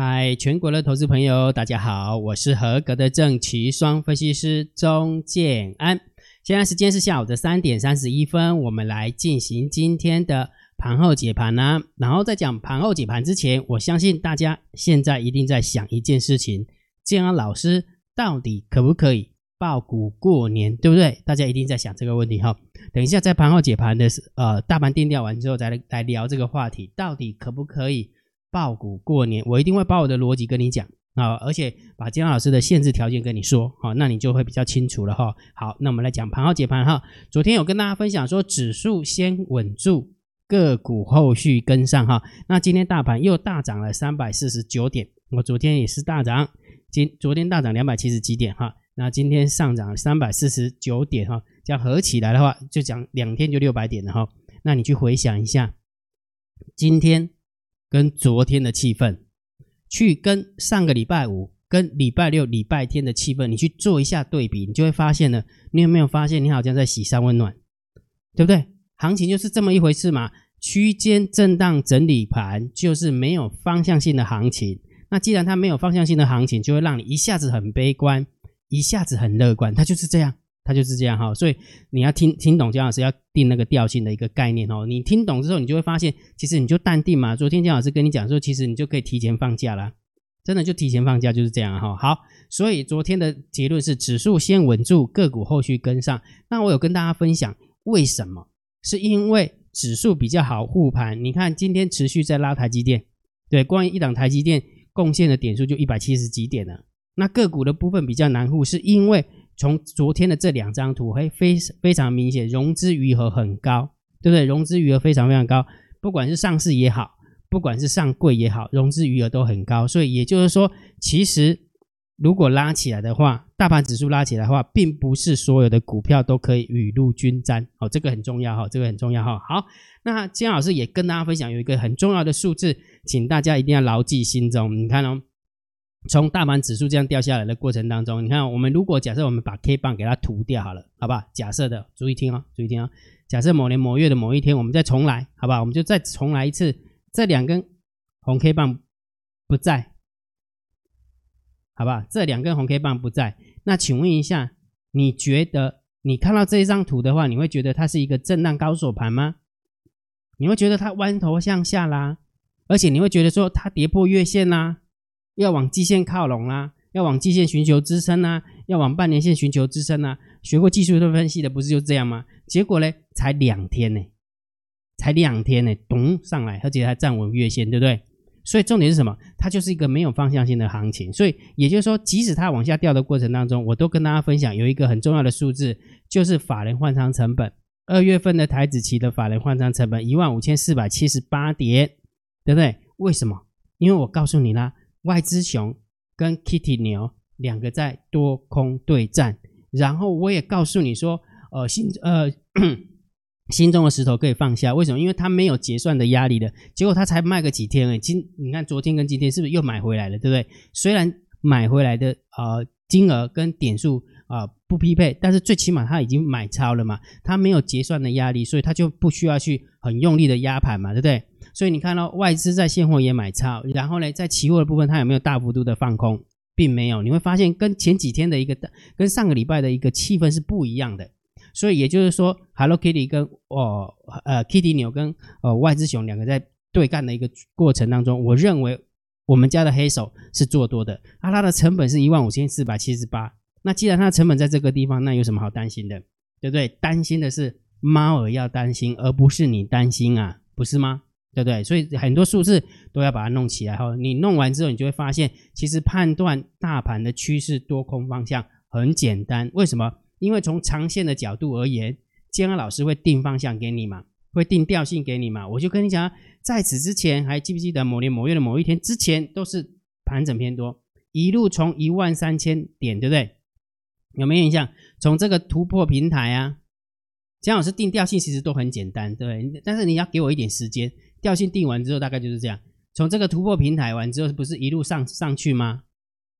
嗨，Hi, 全國的投資朋友，大家好，我是合格的證期雙分析師鍾建安。現在時間是下午的三點三十一分，我們來進行今天的盤後解盤呢、啊。然後在講盤後解盤之前，我相信大家現在一定在想一件事情：建安老師到底可不可以抱股過年，對不對？大家一定在想這個問題哈、哦。等一下在盤後解盤的時，呃，大盤定調完之後，再來來聊這個話題，到底可不可以？抱股過年，我一定會把我的邏輯跟你講啊，而且把金老師的限制條件跟你說，好，那你就會比較清楚了哈。好，那我們來講盤後解盤哈。昨天有跟大家分享說，指數先穩住，個股後續跟上哈。那今天大盤又大漲了三百四十九點，我昨天也是大漲，今昨天大漲兩百七十幾點哈。那今天上漲三百四十九點哈，這樣合起來的話，就講兩天就六百點了。哈。那你去回想一下，今天。跟昨天的氣氛，去跟上個禮拜五、跟禮拜六、禮拜天的氣氛，你去做一下對比，你就會發現呢，你有沒有發現你好像在洗三溫暖？對不對？行情就是這麼一回事嘛，區間震盪整理盤就是沒有方向性的行情。那既然它沒有方向性的行情，就會讓你一下子很悲觀，一下子很樂觀，它就是這樣。他就是這樣哈、哦，所以你要聽聽懂江老師要定那個調性的一個概念哦。你聽懂之後，你就會發現，其實你就淡定嘛。昨天江老師跟你講說，其實你就可以提前放假了，真的就提前放假，就是這樣哈、哦。好，所以昨天的結論是，指數先穩住，個股後續跟上。那我有跟大家分享，為什麼？是因為指數比較好護盤。你看今天持續在拉台積電，對，光一檔台積電貢獻的點數就一百七十幾點了。那個股的部分比較難護，是因為。從昨天的這兩張圖，嘿，非非常明顯，融資餘額很高，對不對？融資餘額非常非常高，不管是上市也好，不管是上櫃也好，融資餘額都很高。所以也就是說，其實如果拉起來的話，大盤指數拉起來的話，並不是所有的股票都可以雨露均沾。哦，這個很重要哈，這個很重要哈。好，那鍾老師也跟大家分享有一個很重要的數字，請大家一定要牢記心中。你看哦。從大盤指數這樣掉下來的過程當中，你看，我們如果假設我們把 K 棒給它塗掉好了，好吧？假設的，注意聽啊、哦，注意聽啊、哦。假設某年某月的某一天，我們再重來，好吧？我們就再重來一次，這兩根紅 K 棒不在，好吧？這兩根紅 K 棒不在，那請問一下，你覺得你看到這一張圖的話，你會覺得它是一個震盪高手盤嗎？你會覺得它彎頭向下啦，而且你會覺得說它跌破月線啦、啊？要往季線靠攏啦、啊，要往季線尋求支撐吶、啊，要往半年線尋求支撐吶、啊。學過技術的分析的不是就是這樣嗎？結果呢，才兩天呢、欸，才兩天呢、欸，咚上來，而且還站穩月線，對不對？所以重點是什麼？它就是一個沒有方向性的行情。所以也就是說，即使它往下掉的過程當中，我都跟大家分享有一個很重要的數字，就是法人換倉成本。二月份的台指期的法人換倉成本一萬五千四百七十八點，對不對？為什麼？因為我告訴你啦。外資熊跟 Kitty 牛兩個在多空對戰，然後我也告訴你說，呃，心呃心中的石頭可以放下，為什麼？因為他沒有結算的壓力的，結果他才賣個幾天哎，今你看昨天跟今天是不是又買回來了，對不對？雖然買回來的呃金額跟點數啊、呃、不匹配，但是最起碼他已經買超了嘛，他沒有結算的壓力，所以他就不需要去很用力的壓盤嘛，對不對？所以你看到，哦，外資在現貨也買超，然後呢，在期貨的部分它有沒有大幅度的放空，並沒有。你會發現跟前幾天的一個、跟上個禮拜的一個氣氛是不一樣的。所以也就是說，Hello Kitty 跟哦呃 Kitty 牛跟呃外資熊兩個在對幹的一個過程當中，我認為我們家的黑手是做多的。啊，它的成本是一萬五千四百七十八。那既然它的成本在這個地方，那有什麼好擔心的，對不對？擔心的是貓兒要擔心，而不是你擔心啊，不是嗎？對不對？所以很多數字，都要把它弄起來哈。你弄完之後，你就會發現，其實判斷大盤的趨勢多空方向很簡單。為什麼？因為從長線的角度而言，江老師會定方向給你嘛，會定調性給你嘛。我就跟你講，在此之前，還記不記得某年某月的某一天之前都是盤整偏多，一路從一萬三千點，對不對？有沒有印象？從這個突破平台啊，江老師定調性其實都很簡單，對不對？但是你要給我一點時間。調性定完之後，大概就是這樣。從這個突破平台完之後，不是一路上上去嗎？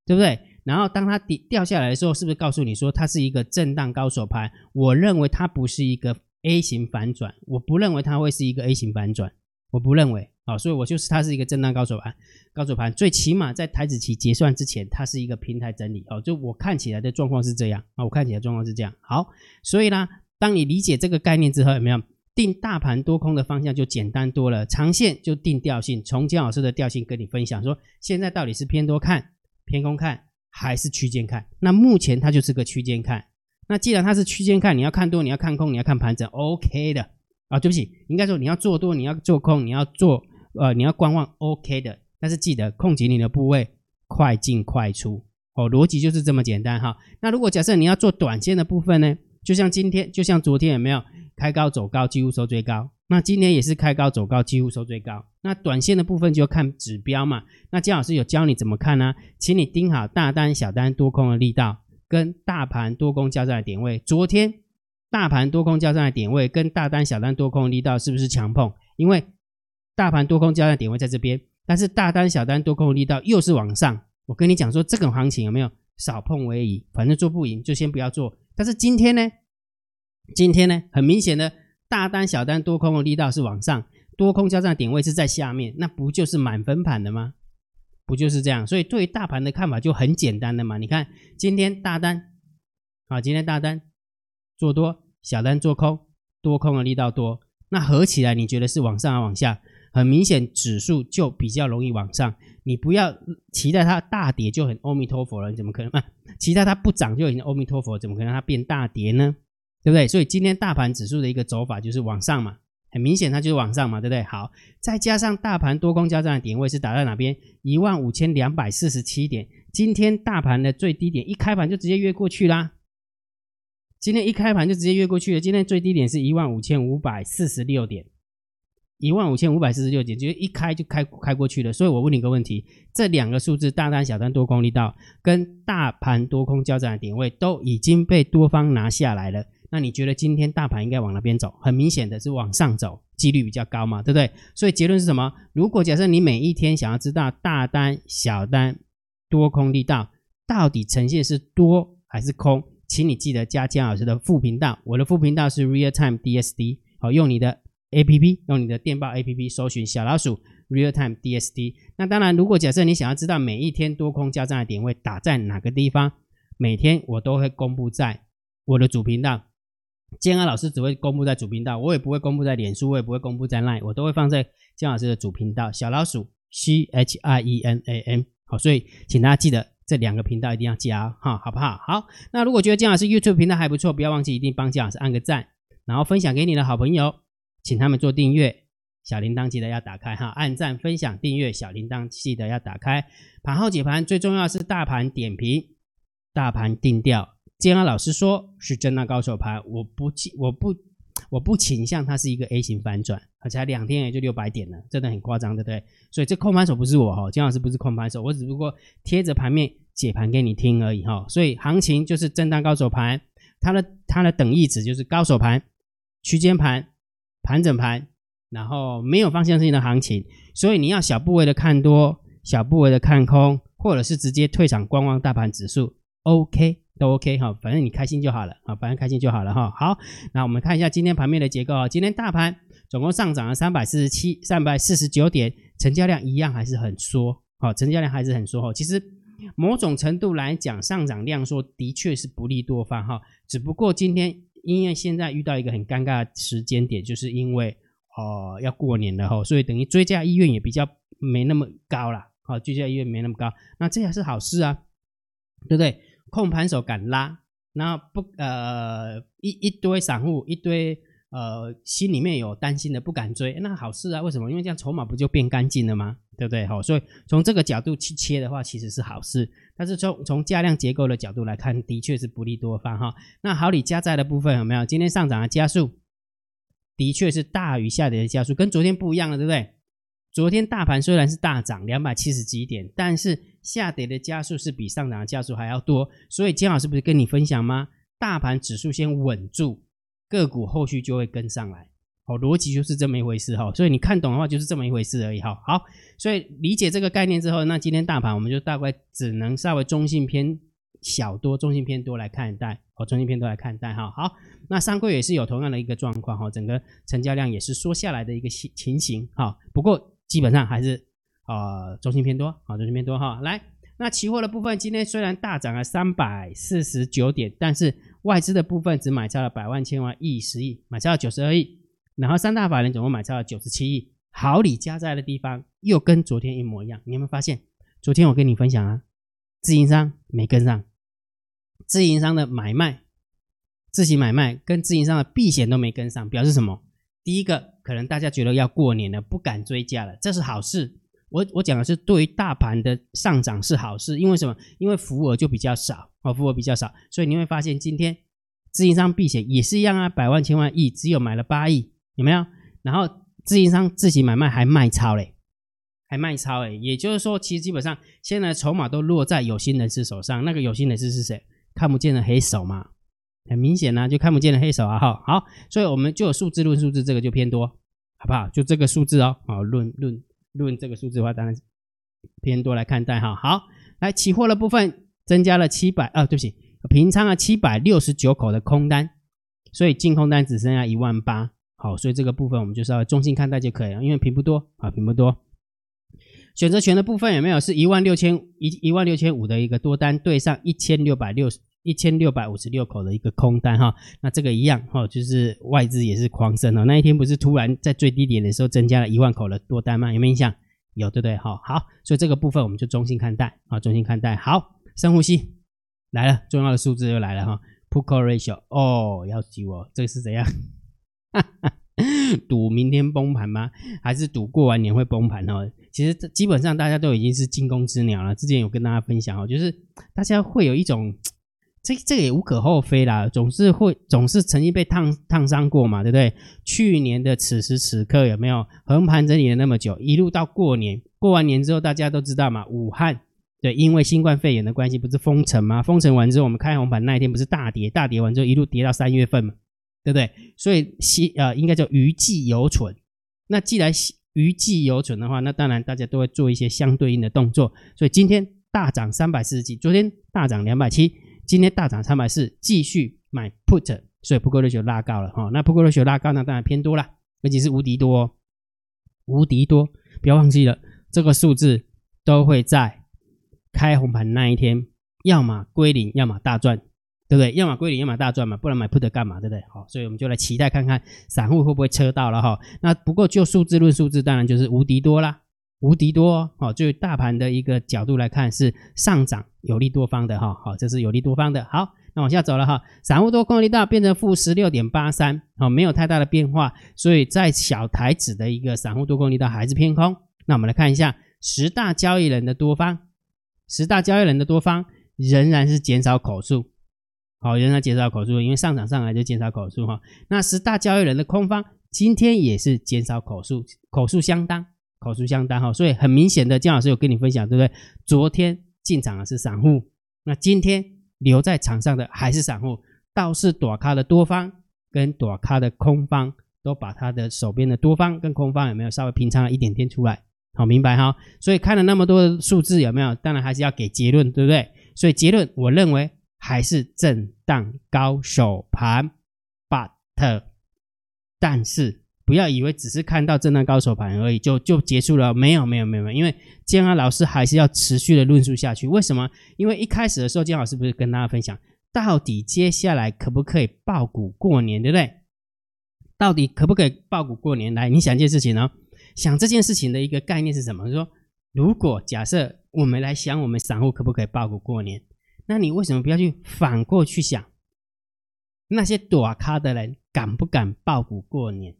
對不對？然後當它掉掉下來的時候，是不是告訴你說它是一個震盪高手盤？我認為它不是一個 A 型反轉，我不認為它會是一個 A 型反轉，我不認為啊、哦，所以我就是它是一個震盪高手盤，高手盤最起碼在台指期結算之前，它是一個平台整理哦。就我看起來的狀況是這樣啊、哦，我看起來狀況是這樣。好，所以呢，當你理解這個概念之後，有沒有？定大盤多空的方向就簡單多了，長線就定調性。從江老師的調性跟你分享說，說現在到底是偏多看、偏空看，還是區間看？那目前它就是個區間看。那既然它是區間看，你要看多，你要看空，你要看盤整，OK 的啊？對不起，應該說你要做多，你要做空，你要做呃，你要觀望，OK 的。但是記得控制你的部位，快進快出哦，邏輯就是這麼簡單哈。那如果假設你要做短線的部分呢？就像今天，就像昨天，有沒有開高走高，幾乎收最高？那今天也是開高走高，幾乎收最高。那短線的部分就看指標嘛。那姜老師有教你怎麼看呢、啊？請你盯好大單、小單多空的力道，跟大盤多空交戰的點位。昨天大盤多空交戰的點位跟大單、小單多空的力道是不是強碰？因為大盤多空交戰的點位在這邊，但是大單、小單多空的力道又是往上。我跟你講說，這個行情有沒有少碰為宜？反正做不贏就先不要做。但是今天呢？今天呢？很明顯的大單、小單、多空的力道是往上，多空交叉點位是在下面，那不就是滿分盤的嗎？不就是這樣？所以對於大盤的看法就很簡單的嘛。你看今天大單啊，今天大單做多，小單做空，多空的力道多，那合起來你覺得是往上還、啊、往下？很明顯，指數就比較容易往上。你不要期待它大跌就很阿彌陀佛了，你怎麼可能啊？期待它不漲就已經阿彌陀佛，怎麼可能讓它變大跌呢？對不對？所以今天大盤指數的一個走法就是往上嘛，很明顯它就是往上嘛，對不對？好，再加上大盤多空交戰的點位是打在哪邊？一萬五千兩百四十七點。今天大盤的最低點一開盤就直接越過去啦。今天一開盤就直接越過去了。今天最低點是一萬五千五百四十六點。一萬五千五百四十六點，15, 546, 就是一開就開開過去了。所以我問你個問題：這兩個數字，大單、小單、多空力道，跟大盤多空交戰的點位，都已經被多方拿下來了。那你覺得今天大盤應該往哪邊走？很明顯的是往上走，幾率比較高嘛，對不對？所以結論是什麼？如果假設你每一天想要知道大單、小單、多空力道到底呈現是多還是空，請你記得加江老師的副頻道。我的副頻道是 Real Time、DS、DSD。好，用你的。A P P 用你的電報 A P P 搜尋小老鼠 Real Time、DS、D S D。那當然，如果假設你想要知道每一天多空加倉的點位打在哪個地方，每天我都會公布在我的主頻道。建安老師只會公布在主頻道，我也不會公布在臉書，我也不會公布在 LINE，我都會放在建老師的主頻道小老鼠 C H I E N A M。好，所以請大家記得這兩個頻道一定要加、哦、哈，好不好？好，那如果覺得建老師 YouTube 頻道還不錯，不要忘記一定幫建老師按個讚，然後分享給你的好朋友。請他們做訂閱，小鈴鐺記得要打開哈，按贊、分享、訂閱，小鈴鐺記得要打開。盤後解盤最重要的是大盤點評、大盤定調。建安老師說是震盪高手盤，我不，我不，我不傾向它是一個 A 型反轉，而且還兩天也就六百點了，真的很誇張，對不對？所以這控盤手不是我哈、哦，建安老師不是控盤手，我只不過貼着盤面解盤給你聽而已哈、哦。所以行情就是震盪高手盤，它的它的等義詞就是高手盤、區間盤。盤整盤，然後沒有方向性的行情，所以你要小部位的看多，小部位的看空，或者是直接退場觀望大盤指數，OK 都 OK 哈，反正你開心就好了啊，反正開心就好了哈。好，那我們看一下今天盤面的結構啊，今天大盤總共上漲了三百四十七、三百四十九點，成交量一樣還是很縮，好，成交量還是很縮。其實某種程度來講，上漲量縮的確是不利多方哈，只不過今天。因為現在遇到一個很尷尬的時間點，就是因為哦要過年了哈、哦，所以等於追加意願也比較沒那麼高了，哦追加意願沒那麼高，那這也是好事啊，對不對？控盤手敢拉，那不呃一一堆散戶一堆呃心裡面有擔心的不敢追，那好事啊，為什麼？因為這樣籌碼不就變乾淨了嗎？對不對？哈，所以從這個角度去切的話，其實是好事。但是從從價量結構的角度來看，的確是不利多方哈。那好，你加在的部分有沒有？今天上漲的家數，的確是大於下跌的家數，跟昨天不一樣了，對不對？昨天大盤雖然是大漲兩百七十幾點，但是下跌的家數是比上漲的家數還要多。所以金老師不是跟你分享嗎？大盤指數先穩住，個股後續就會跟上來。哦，邏輯就是這麼一回事哈、哦，所以你看懂的話就是這麼一回事而已哈、哦。好，所以理解這個概念之後，那今天大盤我們就大概只能稍微中性偏小多，中性偏多來看待。哦，中性偏多來看待哈、哦。好，那上櫃也是有同樣的一個狀況哈、哦，整個成交量也是縮下來的一個情情形哈、哦。不過基本上還是啊、呃、中性偏多，啊、哦、中性偏多哈、哦。來，那期貨的部分今天雖然大漲了三百四十九點，但是外資的部分只買下了百萬千萬億十億，買下了九十二億。然後三大法人總共買超了九十七億，好裡加在的地方又跟昨天一模一樣，你有沒有發現？昨天我跟你分享啊，自營商沒跟上，自營商的買賣、自行買賣跟自營商的避險都沒跟上，表示什麼？第一個可能大家覺得要過年了，不敢追加了，這是好事。我我講的是對於大盤的上漲是好事，因為什麼？因為浮額就比較少，哦，浮額比較少，所以你會發現今天自營商避險也是一樣啊，百萬千萬億只有買了八億。有沒有？然後自營商自己買賣還賣超嘞，還賣超嘞，也就是說，其實基本上現在的籌碼都落在有心人士手上。那個有心人士是誰？看不見的黑手嘛？很明顯吶、啊，就看不見的黑手啊！哈，好，所以我們就有數字論數字，這個就偏多，好不好？就這個數字哦，好，論論論這個數字的話，當然偏多來看待哈。好，好，來期貨的部分增加了七百，啊，對不起，平倉了七百六十九口的空單，所以淨空單只剩下一萬八。好，所以這個部分我們就稍微中性看待就可以了，因為平不多啊，平不多。選擇權的部分有沒有？是一萬六千一一萬六千五的一個多單對上一千六百六十一千六百五十六口的一個空單哈。那這個一樣哈，就是外資也是狂升哦，那一天不是突然在最低點的時候增加了一萬口的多單嗎？有沒有印象？有對不對哈？好，所以這個部分我們就中性看待啊，中性看待。好，深呼吸，來了，重要的數字又來了哈。Put Call Ratio 哦，要記哦，這個是怎樣？哈哈，賭 明天崩盤嗎？還是賭過完年會崩盤呢？其實這基本上大家都已經是驚弓之鳥了。之前有跟大家分享哦，就是大家會有一種，這這個也無可厚非啦，總是會總是曾經被燙燙傷過嘛，對不對？去年的此時此刻有沒有橫盤整理了那麼久？一路到過年，過完年之後大家都知道嘛，武漢，對，因為新冠肺炎的關係不是封城嗎？封城完之後我們開紅盤那一天不是大跌，大跌完之後一路跌到三月份嘛。對不對？所以，希，呃，應該叫餘悸猶存。那既然餘悸猶存的話，那當然大家都會做一些相對應的動作。所以今天大漲三百四十幾，昨天大漲兩百七，今天大漲三百四，繼續買 put，所以 put 購率就，就拉高了哈、哦。那 put 購率就拉高，那當然偏多啦，而且是無敵多，哦。無敵多，不要忘記了，這個數字都會在開紅盤那一天，要麼歸零，要麼大賺。對不對？要麼歸零，要麼大賺嘛，不然買 put 的幹嘛？對不對？好、哦，所以我們就來期待看看散戶會不會車到了哈、哦。那不過就數字論數字，當然就是無敵多啦，無敵多哦。哦就於大盤的一個角度來看，是上漲有利多方的哈。好、哦，這是有利多方的。好，那往下走了哈、哦，散戶多空力道變成負十六點八三，好、哦，沒有太大的變化。所以在小台指的一個散戶多空力道還是偏空。那我們來看一下十大交易人的多方，十大交易人的多方仍然是減少口數。好，減少口數因為上場上來就減少口數哈。那十大交易人的空方今天也是減少口數，口數相當，口數相當哈。所以很明顯的，江老師有跟你分享，對不對？昨天進場的是散戶，那今天留在場上的還是散戶。倒是大咖的多方跟大咖的空方都把他的手邊的多方跟空方有沒有稍微平倉了一點點出來？好，明白哈。所以看了那麼多的數字，有沒有？當然還是要給結論，對不對？所以結論，我認為。還是震盪高手盤，but，但是不要以為只是看到震盪高手盤而已就就結束了，沒有沒有沒有，因為建安老師還是要持續的論述下去。為什麼？因為一開始的時候，建安老師不是跟大家分享，到底接下來可不可以抱股過年，對不對？到底可不可以抱股過年？來，你想一件事情呢、哦？想這件事情的一個概念是什麼？說如果假設我們來想，我們散戶可不可以抱股過年？那你為什麼不要去反過去想，那些躲咖的人敢不敢抱股過年？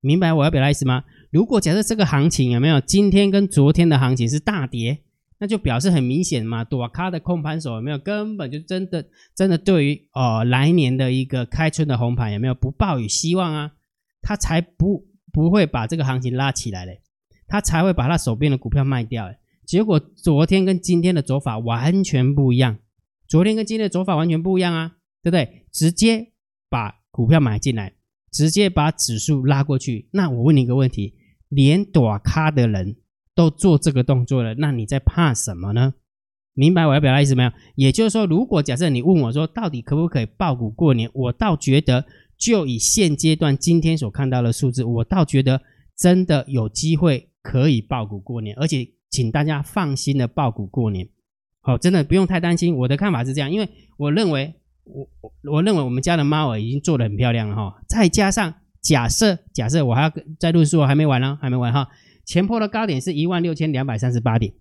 明白我要表達意思嗎？如果假設這個行情有沒有，今天跟昨天的行情是大跌，那就表示很明顯嘛，躲咖的空盤手有沒有根本就真的真的對於哦，來年的一個開春的紅盤有沒有不抱有希望啊？他才不不會把這個行情拉起來嘞，他才會把他手邊的股票賣掉結果昨天跟今天的走法完全不一樣，昨天跟今天的走法完全不一樣啊，對不對？直接把股票買進來，直接把指數拉過去。那我問你一個問題：連短咖的人都做這個動作了，那你在怕什麼呢？明白我要表達意思沒有？也就是說，如果假設你問我說到底可不可以抱股過年，我倒覺得就以現階段今天所看到的數字，我倒覺得真的有機會可以抱股過年，而且。請大家放心的抱股過年，好、哦，真的不用太擔心。我的看法是這樣，因為我認為，我我認為我們家的貓耳已經做得很漂亮了哈、哦。再加上假設，假設我還要再論述，我還沒完呢、哦，還沒完哈、哦。前波的高點是一萬六千兩百三十八點，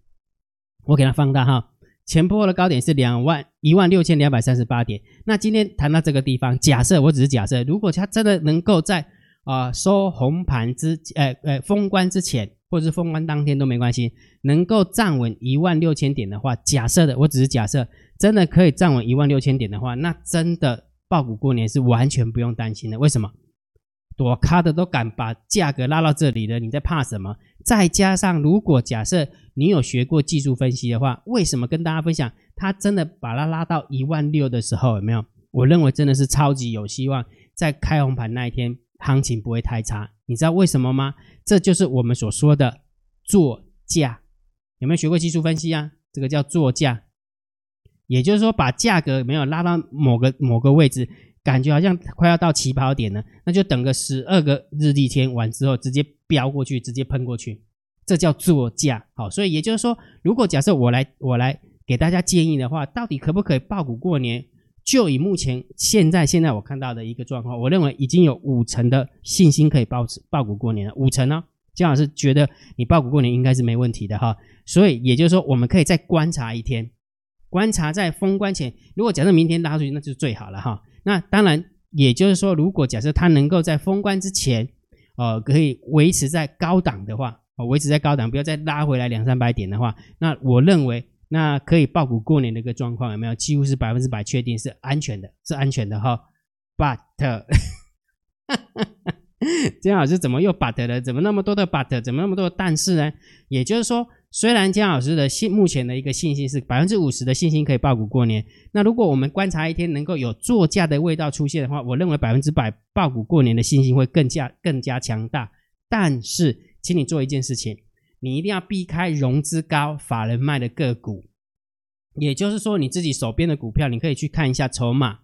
我給它放大哈、哦。前波的高點是兩萬一萬六千兩百三十八點。那今天談到這個地方，假設我只是假設，如果它真的能夠在啊，收紅盤之誒誒、哎哎，封關之前或者是封關當天都沒關係，能夠站穩一萬六千點的話，假設的，我只是假設，真的可以站穩一萬六千點的話，那真的抱股過年是完全不用擔心的。為什麼？多咖的都敢把價格拉到這裡了，你在怕什麼？再加上，如果假設你有學過技術分析的話，為什麼跟大家分享，他真的把它拉到一萬六的時候，有沒有？我認為真的是超級有希望，在開紅盤那一天。行情不會太差，你知道為什麼嗎？這就是我們所說的做價，有沒有學過技術分析啊？這個叫做價，也就是說把價格沒有拉到某個某個位置，感覺好像快要到起跑點了，那就等個十二個日曆天完之後，直接飆過去，直接噴過去，這叫做價。好，所以也就是說，如果假設我來我來給大家建議的話，到底可不可以抱股過年？就以目前現在現在我看到的一個狀況，我認為已經有五成的信心可以抱持抱股過年了。五成呢、哦，江老師覺得你抱股過年應該是沒問題的哈。所以也就是說，我們可以再觀察一天，觀察在封關前。如果假設明天拉出去，那就是最好了哈。那當然，也就是說，如果假設它能夠在封關之前，呃，可以維持在高檔的話，哦、呃，維持在高檔，不要再拉回來兩三百點的話，那我認為。那可以抱股過年的一個狀況有沒有？幾乎是百分之百確定是安全的，是安全的哈。But，姜 老師怎麼又 but 了？怎麼那麼多的 but？怎麼那麼多的但是呢？也就是說，雖然姜老師的信目前的一個信心是百分之五十的信心可以抱股過年。那如果我們觀察一天能夠有作價的味道出現的話，我認為百分之百抱股過年的信心會更加更加強大。但是，請你做一件事情。你一定要避開融資高、法人賣的個股。也就是說，你自己手邊的股票，你可以去看一下籌碼。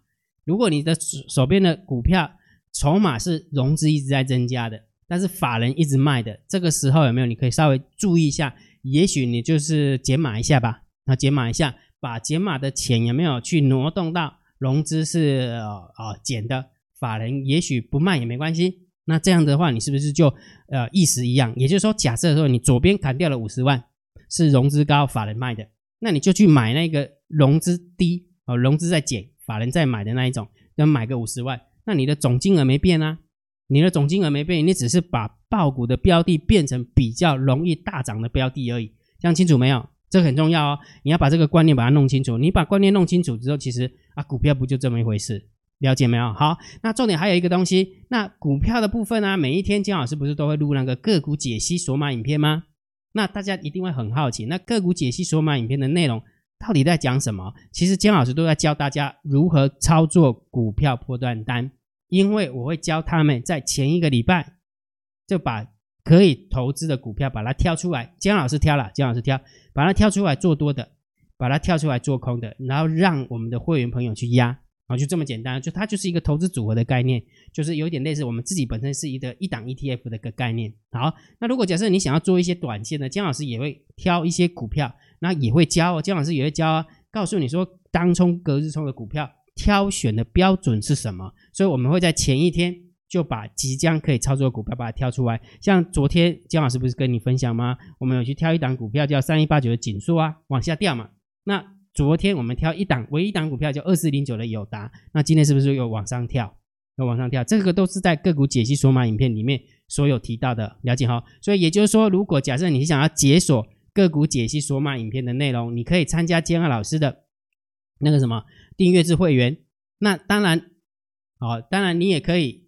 如果你的手手邊的股票籌碼是融資一直在增加的，但是法人一直賣的，這個時候有沒有？你可以稍微注意一下，也許你就是減碼一下吧。那減碼一下，把減碼的錢有沒有去挪動到融資是呃減的，法人也許不賣也沒關係。那這樣的話，你是不是就呃意思一樣？也就是說，假設說你左邊砍掉了五十萬，是融資高法人賣的，那你就去買那個融資低哦，融資在減，法人在買的那一種，要買個五十萬，那你的總金額沒變啊，你的總金額沒變，你只是把抱股的標的變成比較容易大漲的標的而已，這樣清楚沒有？這很重要哦，你要把這個觀念把它弄清楚。你把觀念弄清楚之後，其實啊，股票不就這麼一回事。了解沒有？好，那重點還有一個東西，那股票的部分呢、啊？每一天江老師不是都會錄那個個股解析索馬影片嗎？那大家一定會很好奇，那個股解析索馬影片的內容到底在講什麼？其實江老師都在教大家如何操作股票波段單，因為我會教他們在前一個禮拜就把可以投資的股票把它挑出來，江老師挑了，江老師挑，把它挑出來做多的，把它挑出來做空的，然後讓我們的會員朋友去押。然後就這麼簡單，就它就是一個投資組合的概念，就是有點類似我們自己本身是一個一檔 ETF 的一個概念。好，那如果假設你想要做一些短線的，姜老師也會挑一些股票，那也會教、哦、江姜老師也會教、啊、告訴你說當衝、隔日衝的股票挑選的標準是什麼。所以我們會在前一天就把即將可以操作的股票把它挑出來。像昨天姜老師不是跟你分享嗎？我們有去挑一檔股票叫三一八九的景碩啊，往下掉嘛，那。昨天我們挑一檔，唯一一檔股票就二四零九的友達，那今天是不是又往上跳？又往上跳，這個都是在個股解析索馬影片裡面所有提到的，了解哈。所以也就是說，如果假設你想要解鎖個股解析索馬影片的內容，你可以參加建安老師的那個什麼訂閱制會員。那當然，好、哦，當然你也可以，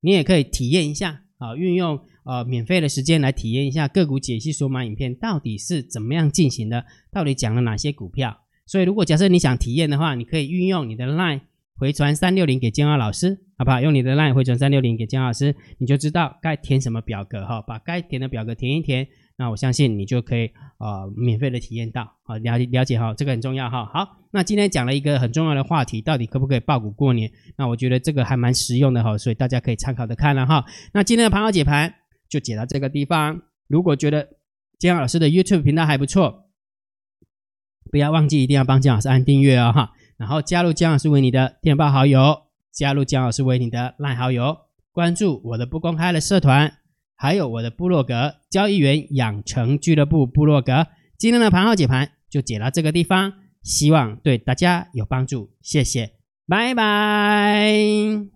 你也可以體驗一下，好、哦，運用。呃，免費的時間來體驗一下個股解析、收買影片到底是怎麼樣進行的，到底講了哪些股票。所以，如果假設你想體驗的話，你可以運用你的 LINE 回傳三六零給建安老師，好不好？用你的 LINE 回傳三六零給建安老師，你就知道該填什麼表格哈，把該填的表格填一填，那我相信你就可以呃，免費的體驗到好，了了解哈，這個很重要哈。好，好，那今天講了一個很重要的話題，到底可不可以抱股過年？那我覺得這個還蠻實用的哈，所以大家可以參考的看了哈。那今天的盤後解盤，就解到這個地方。如果覺得江老師的 YouTube 頻道還不錯，不要忘記一定要幫江老師按訂閱哦哈。然後加入江老師為你的電報好友，加入江老師為你的 LINE 好友，關注我的不公開的社團，還有我的部落格交易員養成俱樂部部落格。今天的盤後解盤就解到這個地方，希望對大家有幫助。謝謝，拜拜。